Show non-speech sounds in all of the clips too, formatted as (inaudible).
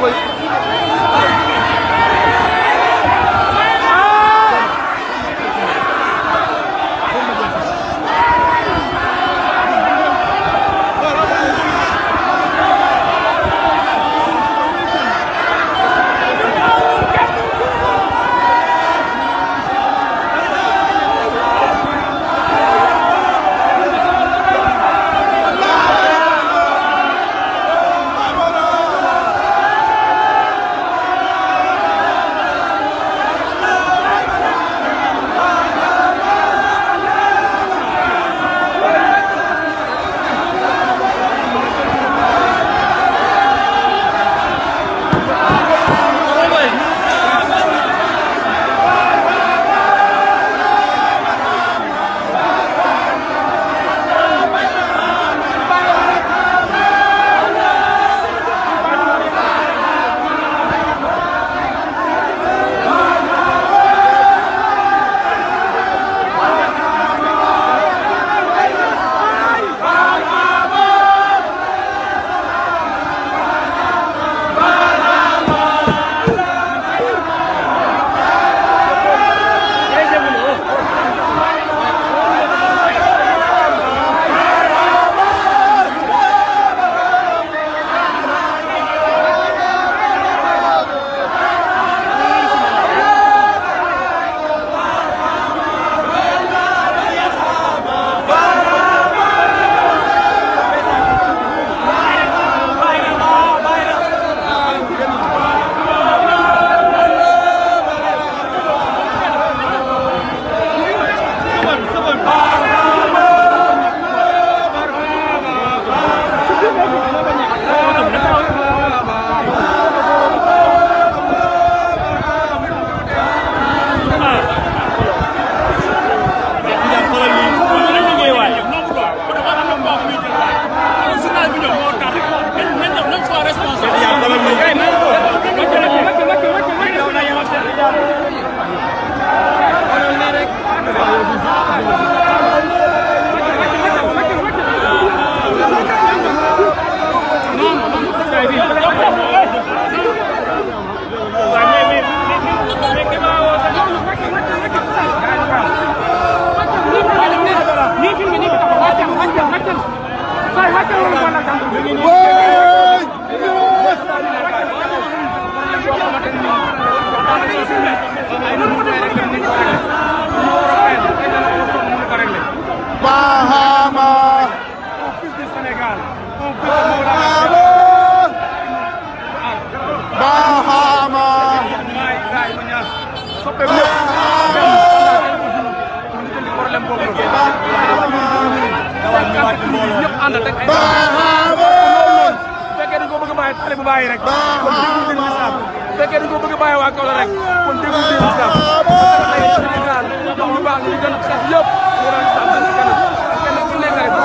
거의 kon déglu déglu islam Sénégal ñu baax ñu gën xeex yëpp ñu doon islam dañu kanam kenn ku nekk rek bu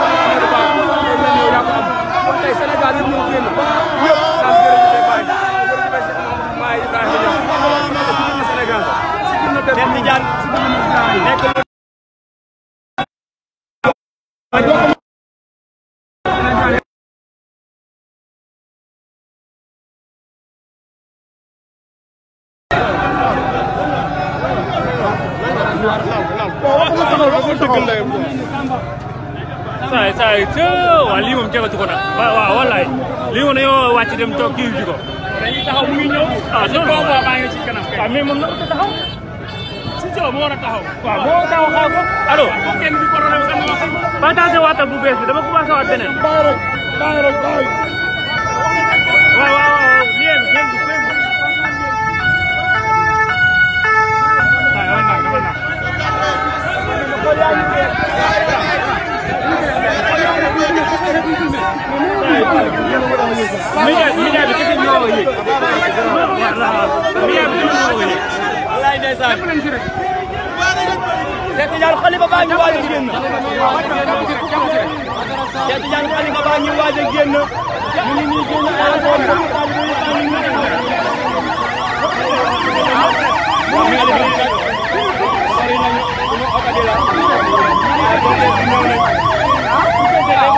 baax loolu la ñëw yaa ko am kon tey Sénégal yëpp ñoo génn yëpp daan jërëjëf Baye jërëjëf Baye Ibrahima Niass Sénégal si dina def wallaay ca waaw lii moom jagatu ko nag waaw wallaay lii moom dañoo wàcc dem toog kii ji ko. dañuy taxaw mu ngi ñëw. ah loolu moom waaw maa ngi ci kanam kay. waaw mais moom naka taxaw. si Sow moo war a taxaw. waaw moo taxaw xaw ko. allo kooku kenn bu bees bi dama media media bi kese ñoo ko yëg media bi kese ñoo ko yëg wallaay ndeysaan Cheikh Tidiane Khalifa baa ngi waaj a génn Cheikh Tidiane Khalifa baa ngi waaj a génn ñu ngi nii génn ay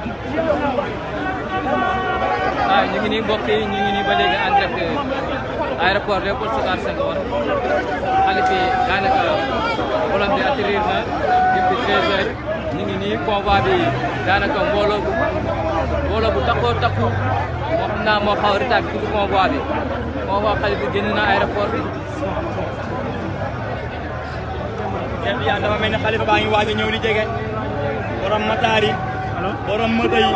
waaw ah, ñu ngi nii mbokk yi ñu ngi nii ba léegi en direct aéroport Léopold Sédar Senghor xale bi daanaka volom bi atterrir na depuis 13 heures ñu ngi nii convoi bi daanaka mbooloo bu mbooloo bu takkoo takku moo xam naa moo xaw a retard tuuti convoi bi convoi xale bi génn na aéroport bi. kenn yaa dama mel ne xale ngi waaj a ñëw di jege borom mataar borom moto yi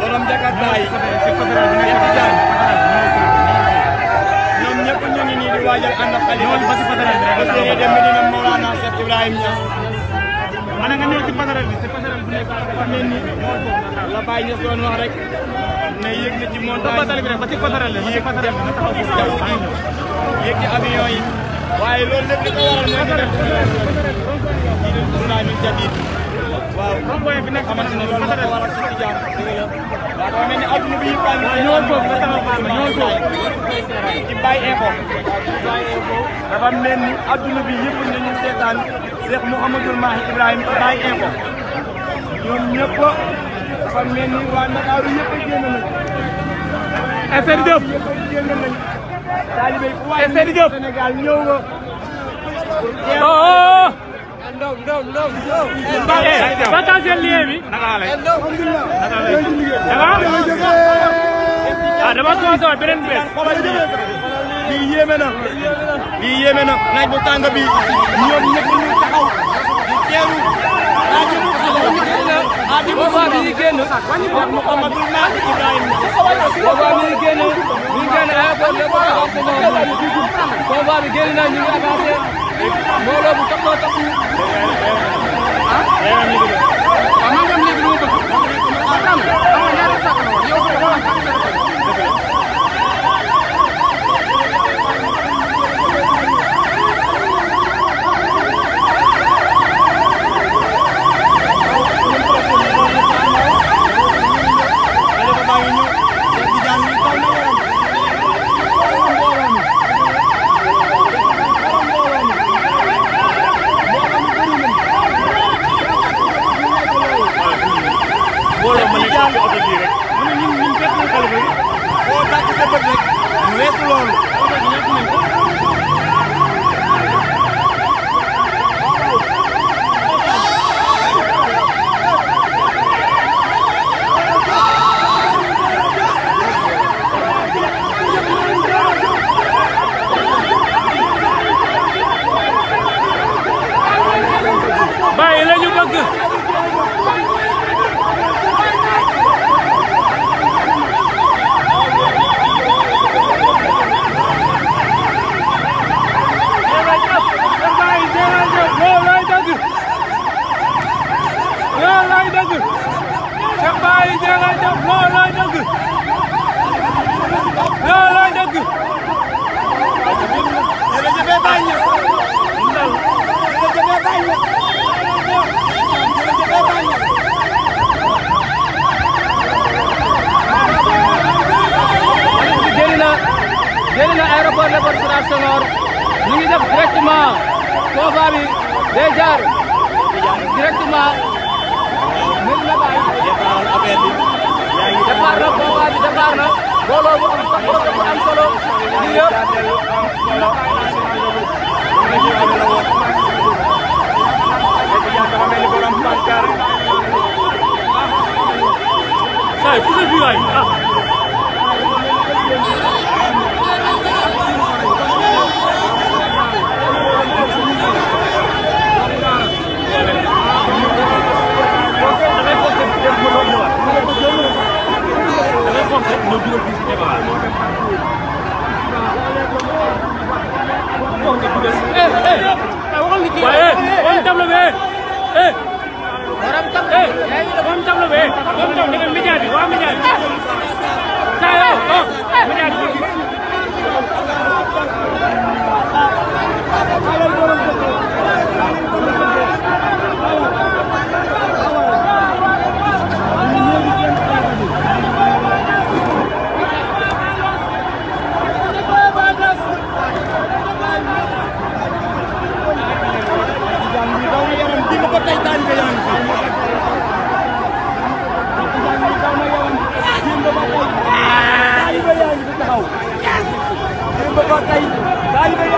borom jakarta yi étudiant ñoom ñëpp ñu ngi nii di waajal ànd ak xale yi parce que ñu dem Medina Mawlana Cheikh Ibrahim bi ci passerelle bu nekk xamee ni la Baye Niass doon wax rek ne yéeg na ci bi ba ci bi yéeg ci jaww ji yéeg ci avion waaw rond-point bi nag xamante ne loolu matériel la ci jaar dëgg la waaw dafa mel ni adduna bi yëpp ñoo ko nga taxaw baal ma ñoo ko ci Baye Info dafa mel ni adduna bi yëpp nañu seetaan Cheikh Mouhamadoul Mahi Ibrahima ci Baye Info ñoom ñëpp dafa mel ni waa Ndakaaru yëpp a génn nañ SR Diop yëpp a génn nañ taalibe yi fu waay Sénégal ñëw nga oh, oh. no no no no partagez lien bi ah dama soxla beneen bés lii yéeme na lii yéeme na naaj bu tàng bi ñoom ñëpp ñu taxaw di teeru booba bi ñuy génn Mouhamadou Nal Ibrahima booba bi ñuy génn ñu génn aéroport lépp taxaw ko booba bi génn na ñu ngi avancé Đưa lên một cốc lên. Đưa lên. Đưa lên.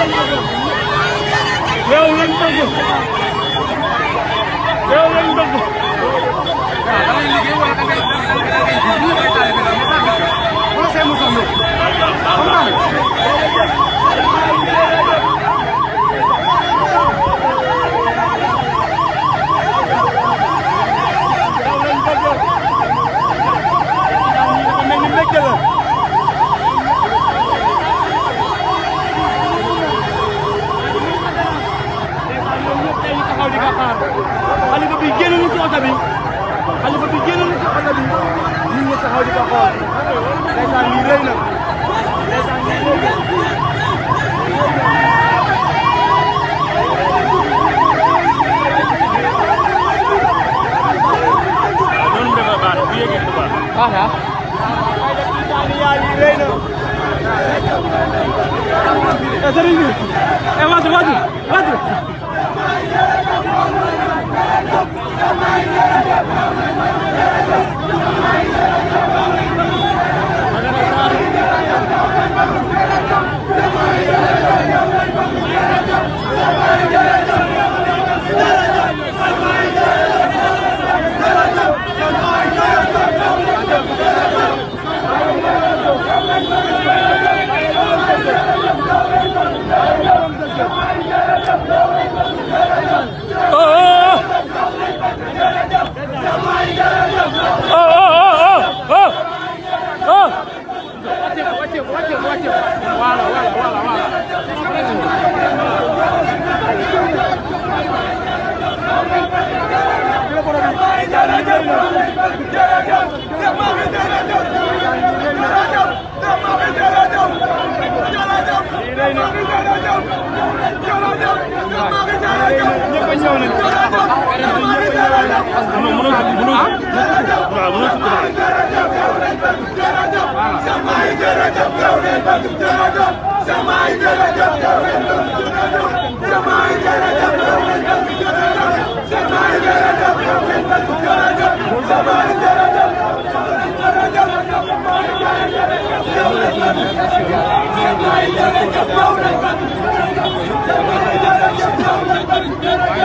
réew lañ bëgg réew lañ bëgg wala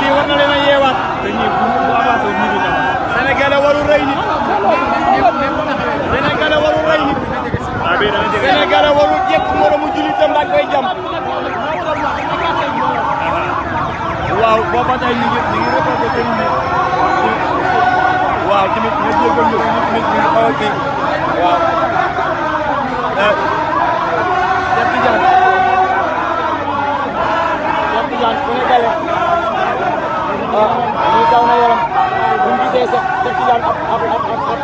lii war na leen a yeewaat. te ñii bu mu avancé ñu ngi dara. Sénégalais warul rey nit. Sénégalais warul rey nit. Sénégalais warul jekk moromu jullitam dañ koy jam. waaw booba tey ñu ngi ñu ngi récolté seen mbir. waaw tamit ñu jégal ñu ñu nit ñu xaw a kii waaw. Eh, Cheikh Tidiane Cheikh Tidiane Sénégalais. lii daw na yaram bu ñu gisee sax sax ci daan ab ab ab ab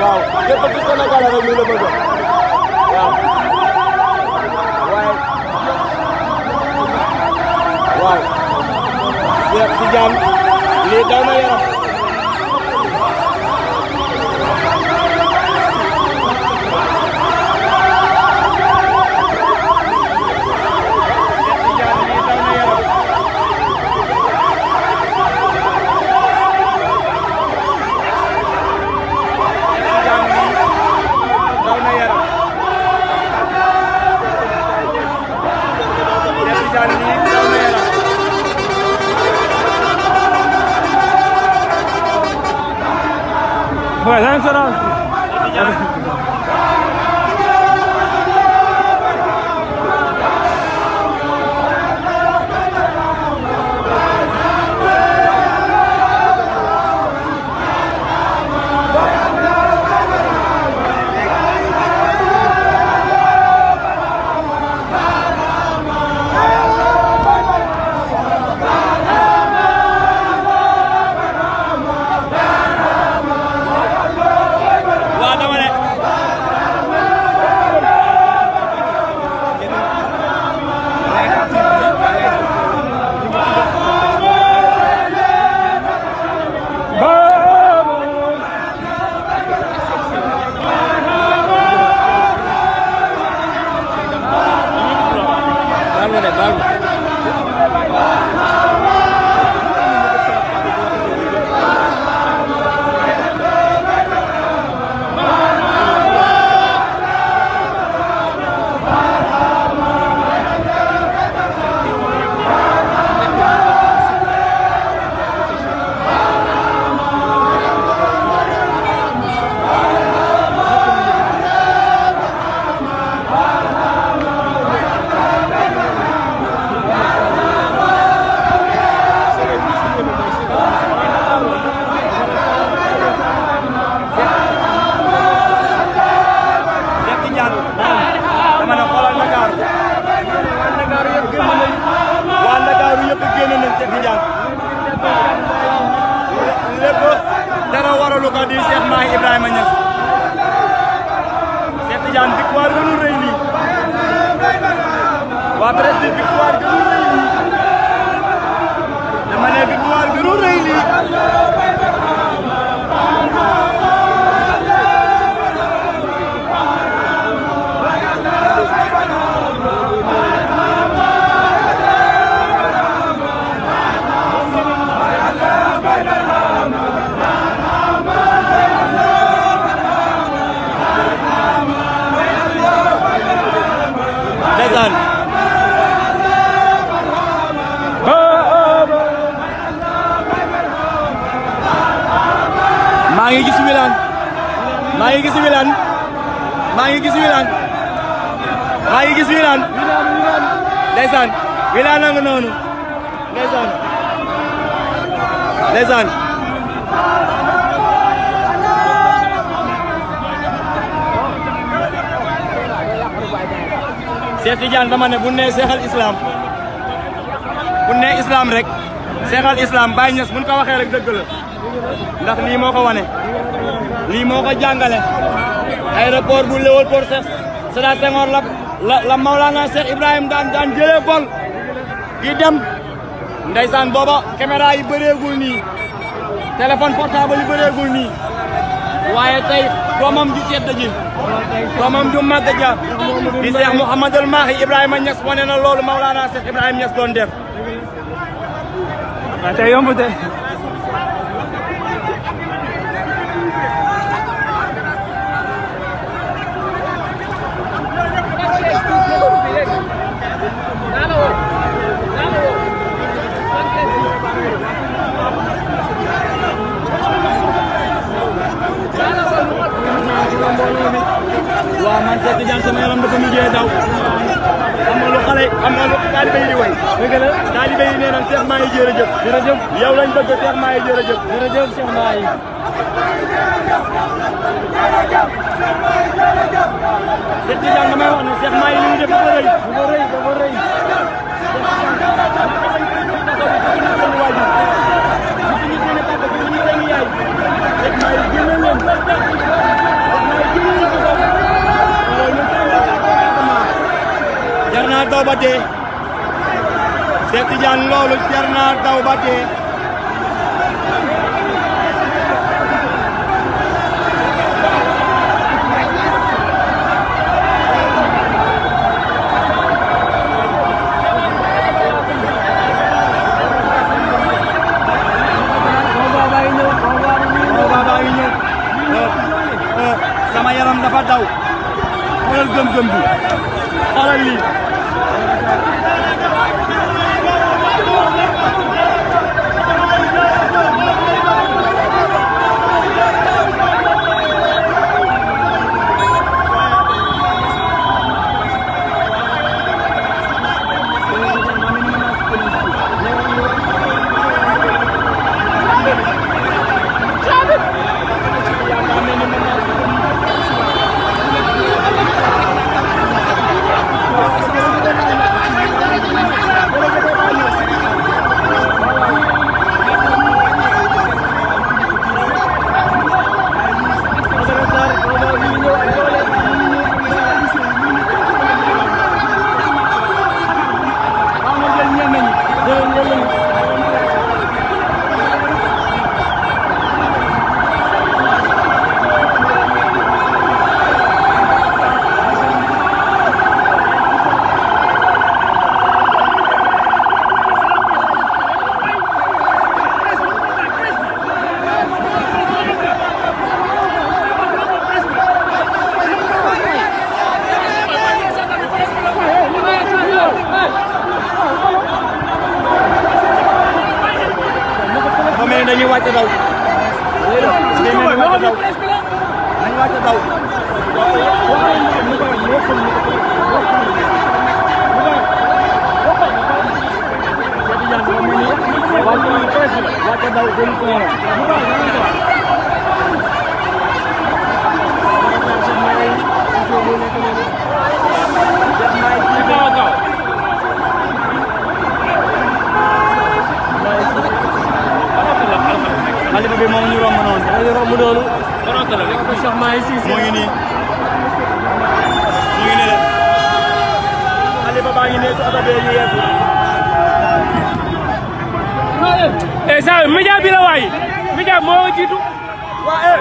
waaw képp ku Sénégal rek ñu la bëgg liệt đâu nó maa ngi gis Wilane maa ngi gis Wilane maa ngi gis Wilane maa ngi gis Wilane ndeysaan Wilane nga dama ne bu ne seexal islam bu ne islam rek seexal islam Baye Niass buñ ko waxee rek dëgg la ndax lii moo ko wane lii moo ko jàngale aéroport bu Léopold Sédar Senghor la la la Maolana Cheikh Ibrahim daan daan jëlee vol di dem ndeysaan booba caméra yi bëreegul nii téléphone portable yi bëreegul nii waaye tey doomam ju tedd ji doomam ju màgg ja di Cheikh Mouhamadul Mahi Ibrahima Niass wane loolu Maolana Cheikh Ibrahima Niass doon def. waaw ah, tey jërëjëf yow lañ bëgg Cheikh Mahi jërëjëf. jërëjëf Cheikh Mahi. Cheikh Tidiane damay wax ne Cheikh Mahi li mu def dafa rëy. dafa rëy dafa rëy. jar naa doo ba dee. Cheikh Tidiane loolu jar naa daw ba dee bi moom ñu romb noonu. ñu romb noonu. moo ngi nii. mu ngi nii de. Aliou Ba baa ngi nekk oto bee ñu yeesu. eh saa yu média bi la waay média moo jiitu. waa eh.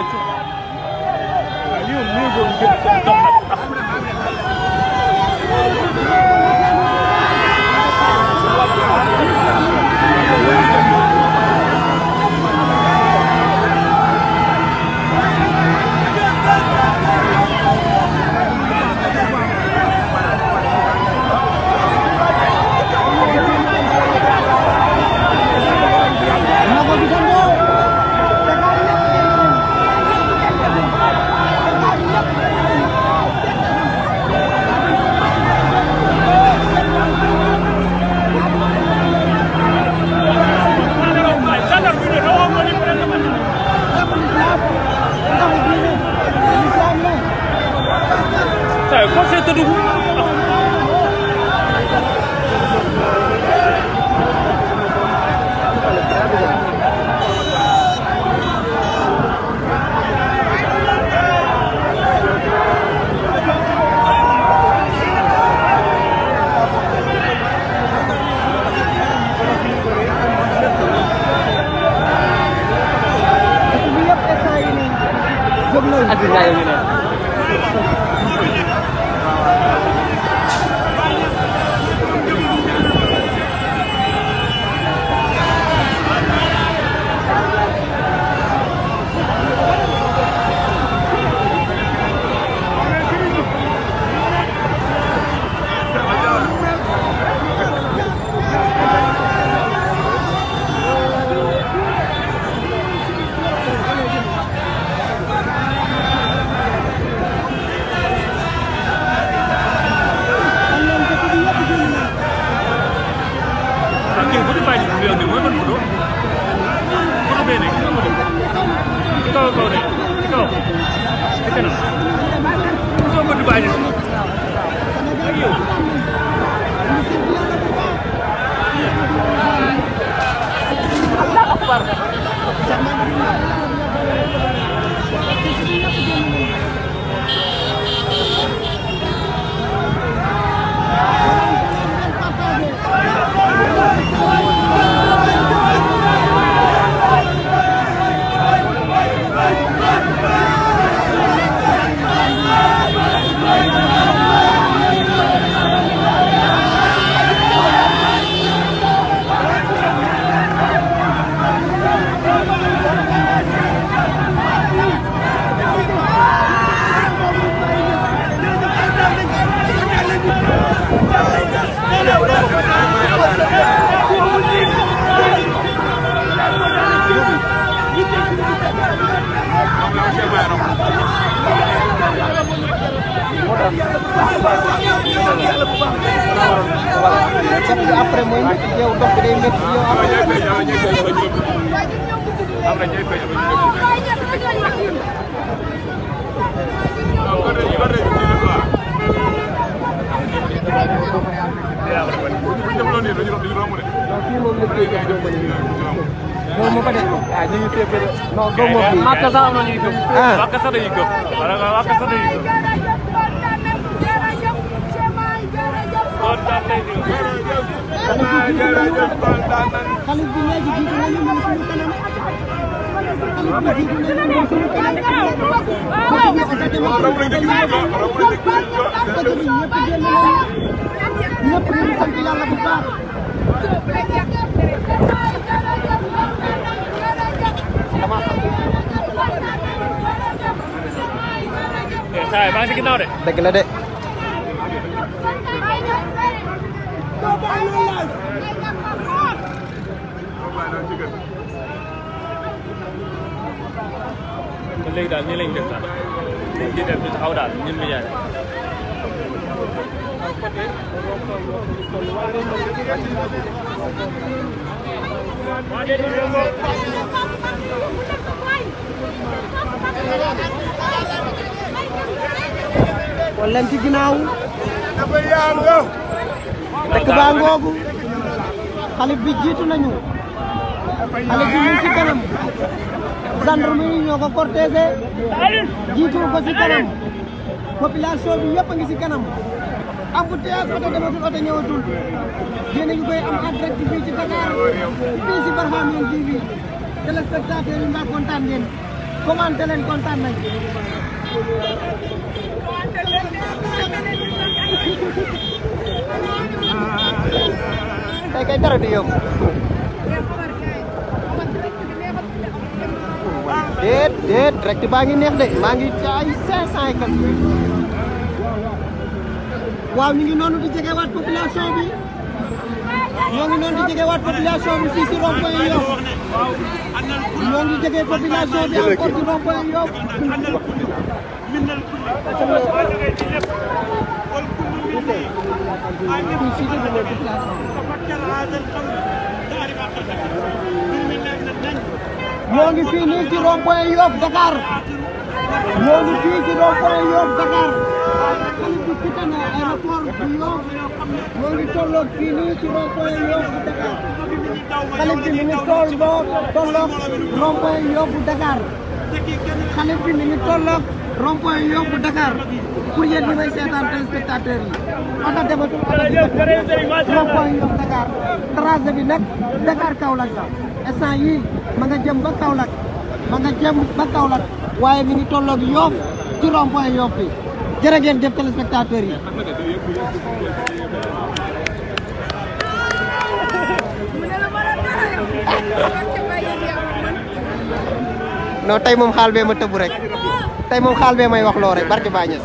Waka sax am ah. na ñuy gëm. Waka sax dañuy gëm. Waka sax dañuy gëm. kontaan nañ ñu. jërëjëf kontaan nañ. xale bi léegi jiitu nañu moom suñu kanam. xale bi jiitu nañu moom suñu kanam. waaw waaw attaqué nañ ko. attaqué nañ ñëpp génn nañu. ñëpp ñu sant yàlla bu baax. சரி பாத்துக்கிட்டோடு தெக்கிலடு Lên đàn như lên được rồi, lên đi đẹp được thao đàn như bây giờ. Hãy subscribe cho kênh Ghiền Mì Gõ Để không bỏ lỡ những video hấp dẫn wala leen ci ginnaaw dëkk baa ngoogu xale bi jiitu nañu xale bi ñu ci kanam gendarme ñu ñoo ko cortésé jiitu ko ci kanam bi yëpp a ngi ci kanam embouteillage oto dematul oto ñëwatul yéen a ngi koy am en direct fii ci Dakar fii ci Barhamiennes TV téléspectateurs yi mbaa kontaan ngeen commenté leen kontaan nañ Saya taruh di yung. Dit, dit, direct dibangin ya, dek. Mangi cai sesai kan. Wow, ni non di jaga wat populasi bi. Yang non di jaga wat populasi ni sisi rompo yo. Yang di jaga populasi ni yo. Minal ñoo ngi fii nii ci rond point Yoff ñoo ngi fii ci rond point Yoff Dakar fii di quitté na aéroport bu Yoff ñoo ngi tolloog fii nii ci rond point Yoff Dakar xale bi mi ngi toll ba tolloog rond point Yoff Dakar xale bi mi ngi tolloog rond-point yóbbu Dakar pour may seetaan téléspectateur yi oto defatul oto bi rond-point bi nag Dakar Kaolack la ma nga jëm ba Kaolack ma nga jëm ba Kaolack waaye mi ngi tolloog Yoff ci rond-point Yoff bi jërë ngeen jëf téléspectateur yi (laughs) non tey moom xaal bee ma tëbu rek tey moom xaal bee may wax loo rek barke Baay Ñas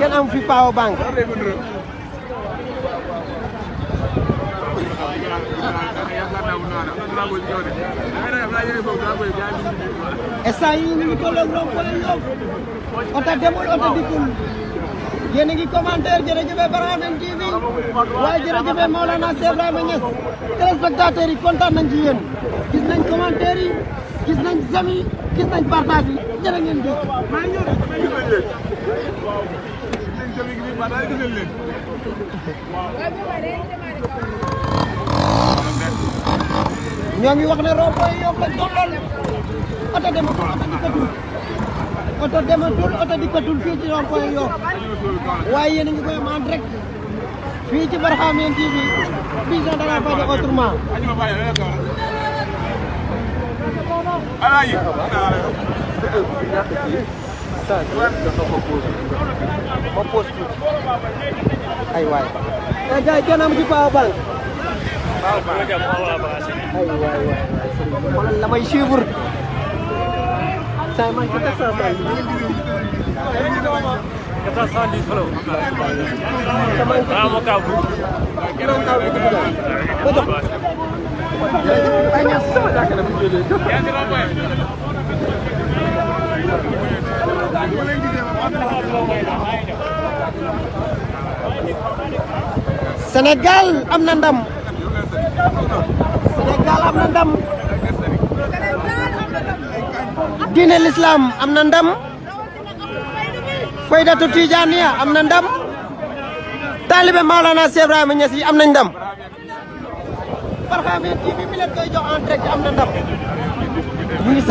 kenn am fi Power Bank instant yii ñu ngi tolloo loo koy yow oto demul oto dikkul yéen a ngi commentaire jërëjëf Barhadane TV waaye jërëjëf Maolana Cheikh Ibrahima Niass téléspectateurs yi kontaan nañ ci yéen gis nañ commentaire yi gis nañ j'aime yi gis nañ partage yi jërë ngeen jëf. maa ñoo wakne wax ne rond-point Yoff lañ tolloon oto dematul oto dikkatul oto dematul oto dikkatul fii ci rond-point Yoff waaye yéen a ngi koy am en direct fii ci Barhamiennes TV vision de la paix Ay, waay. Ay, guys, kenn ci wala may suivre sa man kita sa kita sa di solo sama kabu sama dah kena video dia yang kenapa boleh di dalam am Sénégal am na ndam diine l'islam am na ndam faydatu tijaaniya am na ndam taalibe Maolana Cheikh Ibrahima am nañ ndam Barhamiennes TV mi leen koy jox am na ndam